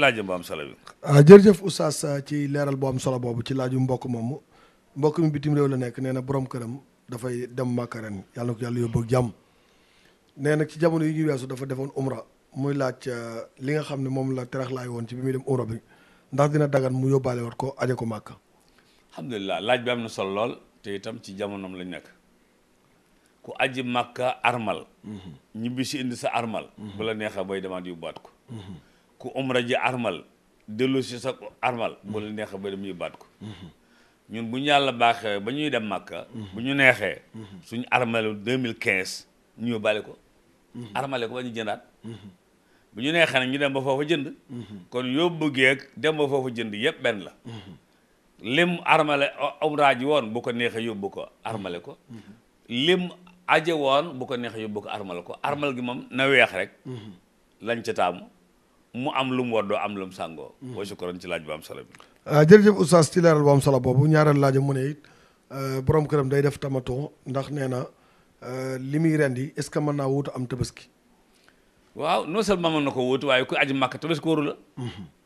laajam bu am solo bi. Ah, jërëjëf oustaz ah, ci leeral bu am solo boobu ci laaju mbokk moomu mbokk mi bitim réew la nekk nee na borom këram dafay dem Màkka ren yàlla na ko jàmm nee na ci jamono yi ñuy weesu dafa defoon umra muy laaj ah, li nga xam ne moom la teraxlaay woon ci bi muy dem umra bi ndax dina mu yóbbaale wat ko aje ko Màkka. alhamdulilah laaj bi am na solo lool te itam ci jamonoom lañ nekk ku aji Màkka armal. Mhm. ñibbi si indi sa armal. Mhm. bu la neexee bay demaat yóbbuwaat ko. Mhm. ku umra ji armal dellu si sa armal bu la neexee ba dem yóbbaat ko ñun bu ñu yàlla ba ñuy dem màkka bu ñu neexee suñu armalu deux mille quinze ñu yóbbaale ko armale ko ba ñu jëndaat bu ñu neexee na ñu dem ba foofa jënd kon yóbbu geeg dem ba foofa jënd yëpp benn la lim armale umra ji woon bu ko neexee yóbbu ko armale ko lim aje woon bu ko neexee yóbbu ko armal ko armal gi moom na weex rek lañ ca taamu mu am lu mu doo am lum sàngoo. wa shukran ci laaj bi am solo bi. Euh, jërëjëf oustaz ci leeral bu am solo boobu ñaareel laaj mu ne it euh, borom këram day def tamaton ndax nee na euh, li muy rendi est ce que mën naa wuutu am tabaski. waaw non seulement mën na ko wuutu waaye ku aj màkk tabaski wóoru la. Mhm.